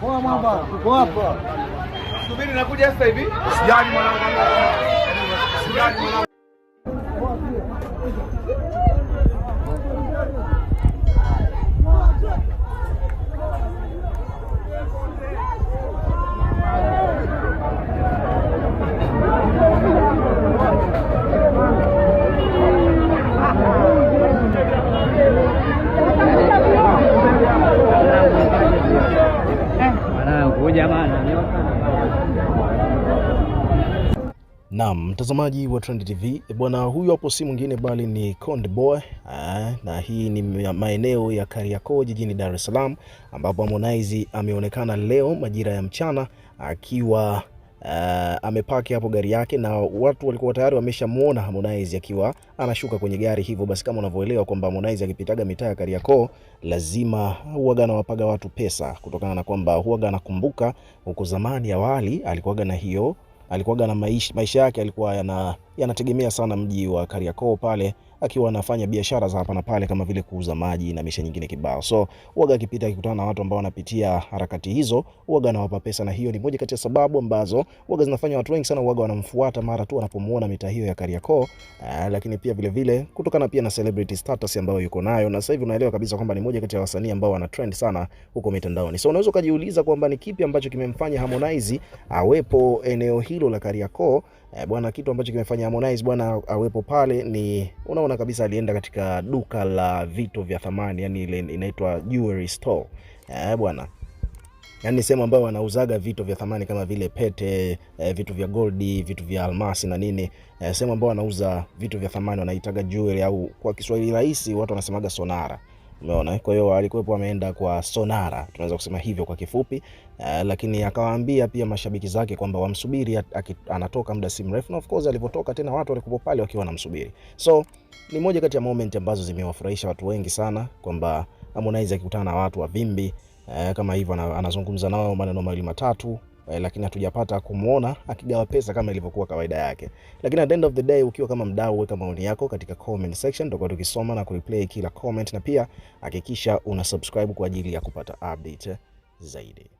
Poa mwamba, uko hapa? Subiri nakuja sasa hivi. Sijali mwanangu. Sijali mwanangu. Naam, mtazamaji wa Trend TV e bwana, huyu hapo si mwingine bali ni Konde Boy aa, e, na hii ni maeneo ya Kariakoo jijini Dar es Salaam ambapo Harmonize ameonekana leo majira ya mchana akiwa Uh, amepaki hapo gari yake na watu walikuwa tayari wameshamwona Harmonize akiwa anashuka kwenye gari. Hivyo basi, kama unavyoelewa kwamba Harmonize akipitaga mitaa ya Kariakoo lazima huwaga anawapaga watu pesa, kutokana na kwamba huaga anakumbuka huko zamani awali alikuwaga na hiyo alikuwaga na maisha, maisha yake alikuwa yana yanategemea sana mji wa Kariakoo pale akiwa anafanya biashara za hapa na pale kama vile kuuza maji na misha nyingine kibao. So uaga akipita akikutana na watu ambao wanapitia harakati hizo, uaga anawapa pesa, na hiyo ni moja kati ya sababu ambazo uaga zinafanya watu wengi sana uaga wanamfuata mara tu wanapomuona mita hiyo ya Kariakoo. Ah, lakini pia vile vile kutokana pia na celebrity status ambayo yuko nayo, na sasa hivi unaelewa kabisa kwamba ni moja kati ya wasanii ambao wana trend sana huko mitandaoni. So unaweza kujiuliza kwamba ni kipi ambacho kimemfanya Harmonize awepo eneo hilo la Kariakoo, eh, bwana, kitu ambacho kimefanya Harmonize bwana awepo pale, ni unaona kabisa alienda katika duka la vito vya thamani, yani ile inaitwa jewelry store eh bwana yaani sehemu ambayo wanauzaga vitu vya thamani kama vile pete, e, vitu vya goldi, vitu vya almasi na nini, e, sehemu ambayo wanauza vitu vya thamani wanaitaga jewelry, au kwa Kiswahili rahisi watu wanasemaga sonara. Umeona, kwa hiyo alikuwepo ameenda kwa Sonara, tunaweza kusema hivyo kwa kifupi uh, lakini akawaambia pia mashabiki zake kwamba wamsubiri anatoka muda si mrefu, na of course alipotoka tena watu walikuwa pale wakiwa wanamsubiri. So ni moja kati ya moment ambazo zimewafurahisha watu wengi sana kwamba Harmonize akikutana na watu wa vimbi uh, kama hivyo anazungumza nao maneno mawili matatu eh, lakini hatujapata kumwona akigawa pesa kama ilivyokuwa kawaida yake. Lakini at the end of the day, ukiwa kama mdau, weka maoni yako katika comment section, tutakuwa tukisoma na kureplay kila comment, na pia hakikisha una subscribe kwa ajili ya kupata update zaidi.